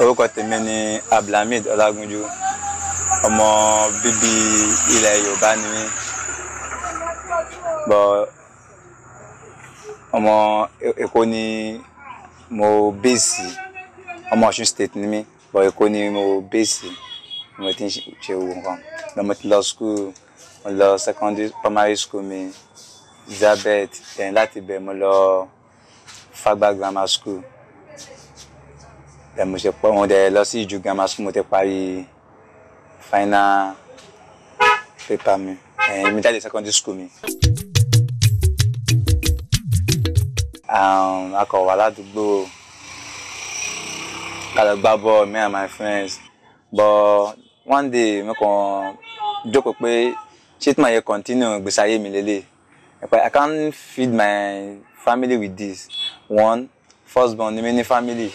orúkọ tèmi ni abdulhamid ọlágúnjú ọmọ bíbí ilẹ̀ yorùbá ni mí bọ ọmọ èkó ni mo bẹ́ẹ̀sì ọmọ ọ̀ṣun state ni mí bọ èkó ni mo bẹ́ẹ̀sì mo ti ń ṣe owó nǹkan lọ mo ti lọ school mo lọ secondary primary school mi elizabeth then láti bẹ̀ mo lọ fagba grammar school mo ṣe pọ́ mo dẹ̀ lọ sí ìjú grammar school mo ti parí final paper mi ẹ̀yìn mi jáde secondary school mi. Um, akọ̀wà ládùúgbò kálọ̀ gbá bọ́ọ̀ me and my friends but one day mo kàn jókòó pé ṣé tí màá yẹ continue ìgbésí ayé mi lélẹ̀ i can't feed my family with this one first born ni mi ní family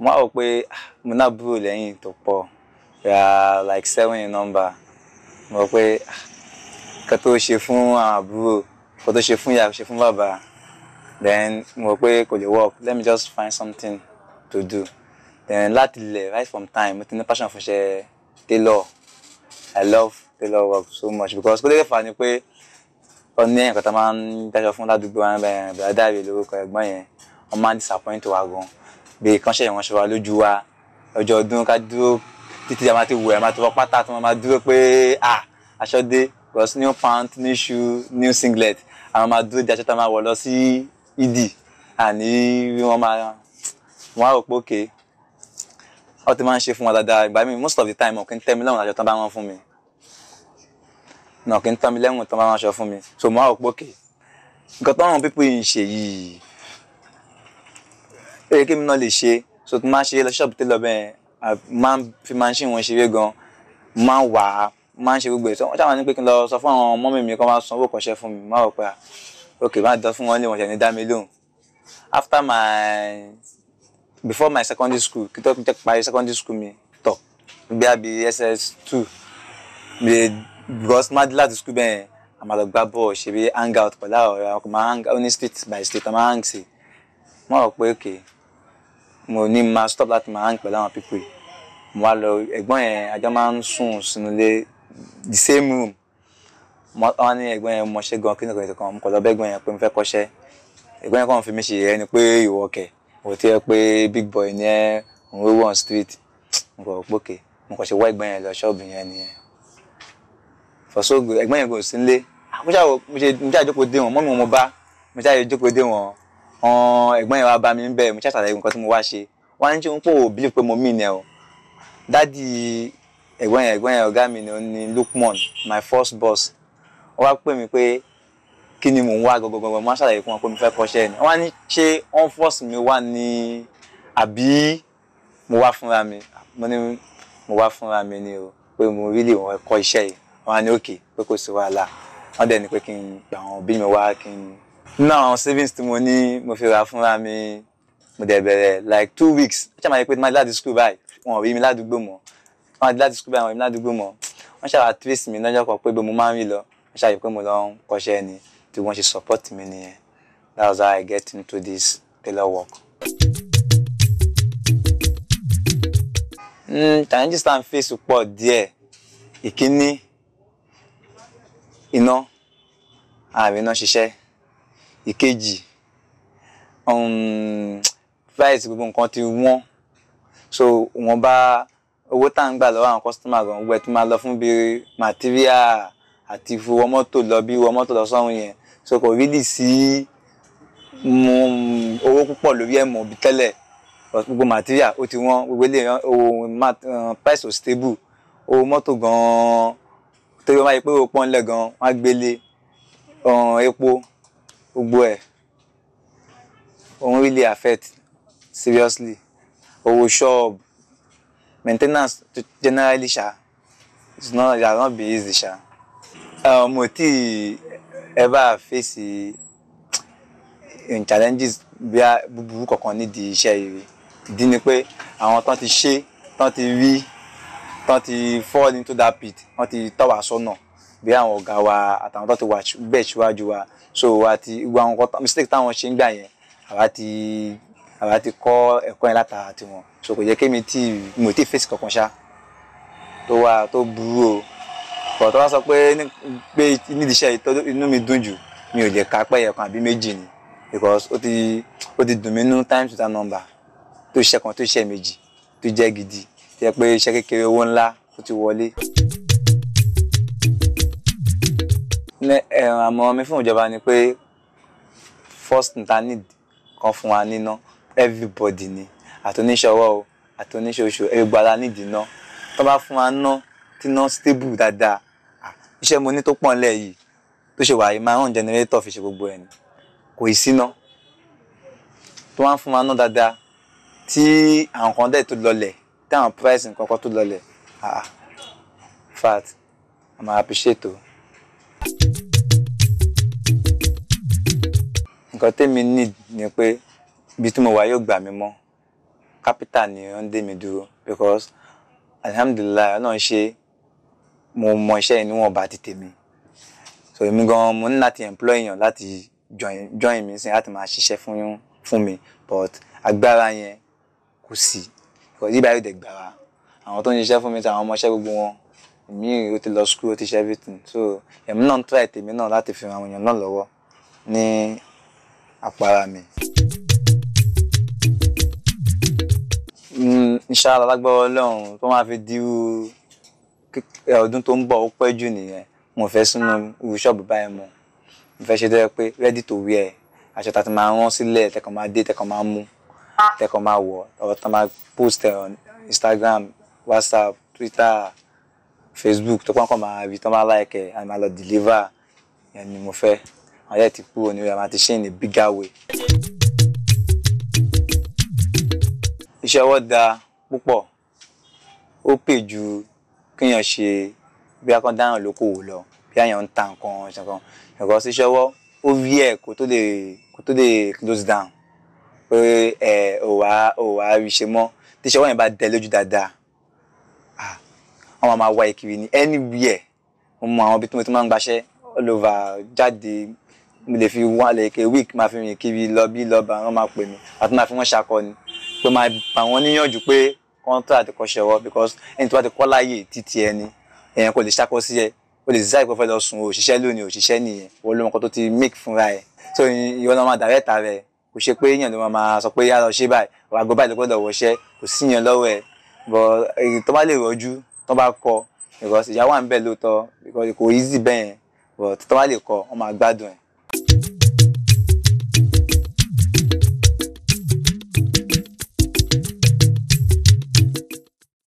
mo á rò pé ah, mo náà búrò lẹ́yìn tó pọ̀ ra like seven in number mo rò pé ah, kó tó ṣe fún àwọn àbúrò kó tó ṣe fún ìyá ṣe fún bàbá then mo rò pé kò lè work let me just find something to do then láti ilẹ̀ right from time mo ti ní passion fún ṣe tailor i love tailor work so much because kó lè fà ni pé ọ ní ẹ̀yìn kan máa ń dájọ́ fún ládùúgbò wọn bẹ̀rẹ̀ bẹ̀rẹ̀ dáre lórúkọ ẹ̀gbọ́n yẹn wọ́n máa ń disappoint wa gan-an pé kánṣẹ́ ìránṣẹ́ wa lójú wa ọjọ́ ọdún ká dúró títí a máa ti wẹ̀ a máa ti wọ pátá tí wọ́n máa dúró pé ah aṣọ dé because new pant new shoe new singlet àwọn máa dúró di aṣọ tá a máa wọ̀ lọ sí ìdì àní wọ́n máa wọ́n á rò pé òkè wọ́n ti máa ń ṣe fún wa dáadáa ìgbà mi most of the time ọ̀kìn tẹ́ mi lọ́rùn aṣọ tán bá wọn fún mi ọ̀kìn tán mi lẹ́rùn tán bá wọn aṣọ fún mi so mo á rò pé òkè nǹkan tó ń ràn pípé yìí ń ṣe yìí ó yẹ kémi náà lè ṣe so tí máa ṣe ṣọ́ọ̀bù télọ̀ bẹ́ẹ̀ máa fi máa ń ṣe ìwọ̀n ṣeré gan máa wà á máa ń ṣe gbogbo ètò wọn ṣáà ní pé kí n lọ sọ fún àwọn ọmọ mi mi kan máa san owó kọ́ṣẹ́ fún mi máa rò pé ok máa dán fún wọn lè wọ́n ṣe ní dá after my before my secondary school kí tó jẹ́ parí secondary school mi tọ̀ bí a ss two bí because máa dé láti school bẹ́ẹ̀ a máa lọ gbá bọ́ọ̀ ṣe bí hang out pẹ̀lú àwọn ọ̀rẹ́ àwọn máa hang out ní by street a máa hang sí wọ́n rò pé ok mo ní máa stop láti máa hang pẹ̀lú àwọn pípé mo wá lọ ẹ̀gbọ́n yẹn ajá máa ń sùn sínú ilé the same room wọ́n ní ẹ̀gbọ́n yẹn mọṣẹ́ gan kí nìkan ìtọ̀kan mo kọ̀ lọ bẹ́gbọ́n yẹn pé mo fẹ́ kọ́ṣẹ́ ẹ̀gbọ́n yẹn kàn fi mí ṣe yẹn ni pé ìwọ kẹ̀ mo ti yẹ pé big boy ni ẹ òun wé one street mo kọ̀ pókè mo kọ̀ ṣe wá ẹ̀gbọ́n yẹn lọ ṣọ́ọ̀bù yẹn nìyẹn fọ́sọ́gbò ẹ̀gbọ́n yẹn kò sí nílé mo ṣàjọpọ̀ dé wọn mọ́mí wọn mo bá mo ṣàjọpọ̀ dé wọn ẹ̀gbọ́n yẹn wá bá mi ń bẹ̀ mo ṣàṣàlẹ̀ nǹkan tí mo wá ṣe wọ́n á ní ṣe ń pò bí pé mo mí ni ẹ̀ o dádì ẹ̀gbọ́n yẹn ẹ̀gbọ́n yẹn ọ̀gá mi ni Lukman my first boss wọ́n wá pè mí pé kí ni mò ń wá gọgọgọgọ mo ṣàlàyé fún wọn pé mo fẹ́ kọ́ṣẹ́ ni wọ́n á ní ṣé on force mi wá ní àbí mo wá fúnra mi mo ní mo wá fúnra mi ni o pé mo really wọ́n kọ́ iṣẹ́ yìí wọ́n á ní òkè pé kò sí wàhálà wọ́n dẹ̀ ní pé kí n gbà wọn bí mi wá kí n náà àwọn savings tí mo ní mo fi ra fúnra mi mo dẹ̀ bẹ̀rẹ̀ like two weeks ó ṣàmà yẹ pé máa láti school báyìí wọn ò rí mi ládùúgbò mọ́ máa láti school báyìí wọn ò rí mi ládùúgbò mọ́ wọ́n ṣàwà trace mi lọ́jọ́ kan pé bí mo máa ń rí lọ wọ́n ṣàyẹ̀ pé mo lọ ń kọ́ṣẹ́ ni tí wọ́n ṣe support mi nìyẹn that was how I get into this tailor work. Mm, challenges tá à ń fèsì pọ̀ díẹ̀ ìkíní iná àrùn iná ṣiṣẹ́ ìkejì um, price gbogbo nǹkan ti wọ́n so wọ́n bá owó tá ń gbà lọ́wọ́ àwọn kọ́sítọ́mà gan gbogbo ẹ̀ tó máa lọ fún bí material àti fowó mọ́tò lọ bí wọ́n mọ́tò lọ sọ́run yẹn so kò rí lì sí mm, owó púpọ̀ lórí ẹ̀ mọ̀ bí tẹ́lẹ̀ gbogbo material ó ti wọ́n gbogbo ilé owó um, price ò stable owó mọ́tò gan-an torí wọ́n máa yẹ pé owó pọ́nlẹ̀ gan-an wọ́n á gbélé um, epo gbogbo ẹ̀ òun really affect seriously owó ṣọ́ọ̀bù maintenance generally ṣá it's not it has not be easy ṣá. mo tí ẹ bá fèsì challenges bí búburú kankan nídìí iṣẹ́ yìí ìdí ni pé àwọn tán ti ṣe tán ti rí tán ti fall into that pit wọ́n ti tọ́ wa sọ́nà. So no bí àwọn ọ̀gá wa àtàwọn tó ti wà bẹ́ẹ̀ síwájú wa so àti gbogbo àwọn nǹkan mistake táwọn ṣe ń gbà yẹn àwa ti àwa ti kọ́ ẹ̀kọ́ yẹn látara tiwọn so kò jẹ́ kémi tí mo ti fèsì kankan ṣá tó wà tó burú o bọ̀ tó wá sọ pé pé nídìí iṣẹ́ inú mi dùn jù mi ò lè ka pẹ́yẹ kan àbí méjì ni because ó ti ó ti dùn mí nú times with that number tó ṣiṣẹ́ kan tó ṣiṣẹ́ méjì tó jẹ́ gidi tó jẹ́ pé iṣẹ́ kékeré owó ńlá ó ti wọlé. Eh, àmọ̀ràn mi fún ìjọba ni pé first internet kan fún wa níná everybody ni àtúníṣọwọ́ o àtúníṣoṣo everybody ara nídìí ná tó bá fún wa ná tí ná stable dáadáa iṣẹ́ mo ní tó pọ̀ nílẹ̀ yìí tó ṣe wà máa hàn generator fi ṣe gbogbo ẹ̀ ni kò ì síná tó wá fún wa ná dáadáa tí àwọn kan dẹ̀ tó lọlẹ̀ tí àwọn price nǹkan tó lọlẹ̀ ah fat i'm appreciate nǹkan tèmi need ni pé ibi tí mo wà yóò gbà mí mọ́ capital ni ó ń dé mi dúró because alihamudulilayi náà ṣe mo mọ iṣẹ́ yìí níwọ̀n bá ti tèmi so èmi gan mo ní láti employ èèyàn láti join mi sí láti máa ṣiṣẹ́ fún fún mi but agbára yẹn kò sí because yíba yóò dé gbàrà àwọn tó ń ṣiṣẹ́ fún mi ti àwọn ọmọọṣẹ́ gbogbo wọn èmi ò ti lọ school ó ti ṣe everything so èmi náà ń try tèmi náà láti fi ran àwọn èèyàn náà lọ́wọ́ ní àpárá mi. Mm, inshallah lágbára ọlọ́run tó máa fi di ọdún tó ń bọ̀ ó pẹ́ jù nìyẹn mo fẹ́ sínú irú ṣọ́ọ̀bù báyìí mọ́ mo fẹ́ ṣe tó yẹ pé ready to wear aṣọ tá a ti máa rán sílẹ̀ tẹ́kọ̀ máa dé tẹ́kọ̀ máa mú tẹ́kọ̀ máa wọ̀ ọ̀rọ̀ tá máa post on Instagram WhatsApp Twitter Facebook tó pọ́nkọ́ máa rí tó máa like ẹ̀ and máa lọ deliver ìyẹn ni mo fẹ́ ayé ti kúrò ní orí a máa ti ṣe in a bigger way. iṣẹ́ ọwọ́ da púpọ̀ ó pè ju kéèyàn ṣe bí akọ́ dáhùn lókòwò lọ bí àyàn ń ta nǹkan ṣàkàn ẹ̀kọ́ síṣẹ́ ọwọ́ ó rí ẹ̀ kó tó lè close down pé ẹ̀ ò wá ò wá rí ṣe mọ́ tíṣẹ́ ọwọ́ yẹn bá dẹ lójú dáadáa àwọn máa wá ìkiri ní anywhere mo mọ àwọn ibi tí mo ti máa ń gbaṣẹ́ all over jáde mo lè fi wá lẹ́kẹ̀ week máa fi rìn kiri lọ bí lọ́ba àwọn máa pè mí àti máa fi wọ́n ṣakọni pé máa bà wọ́n níyànjú pé kọ́ńtà àti kọ́ṣẹ́ because ẹni tó bá ti kọ́ láàyè títí ẹni èèyàn kò lè ṣakọ sí ẹ o lè ṣiṣẹ́ ìpẹ́fẹ́ lọ sùn òṣìṣẹ́ lónìí òṣìṣẹ́ nìyẹn wọ́n ló mọ kó tó ti make fúnra ẹ̀ so ìwọ ló máa dàrẹ́ta rẹ̀ kò ṣe pé èèyàn ló máa sọ pé yára ṣe báyìí ọ̀rọ̀ àgọ́ báyìí ló gbọ́dọ̀ wọṣẹ́ kò sí yẹn lọ́wọ́ ẹ̀ bọ̀ tó bá lè rọ́jú tó bá kọ because ìyá wà ń bẹ̀ lóòótọ́ because kò easy bẹ́ẹ̀ but tó bá lè kọ wọ́n máa gbádùn ẹ̀.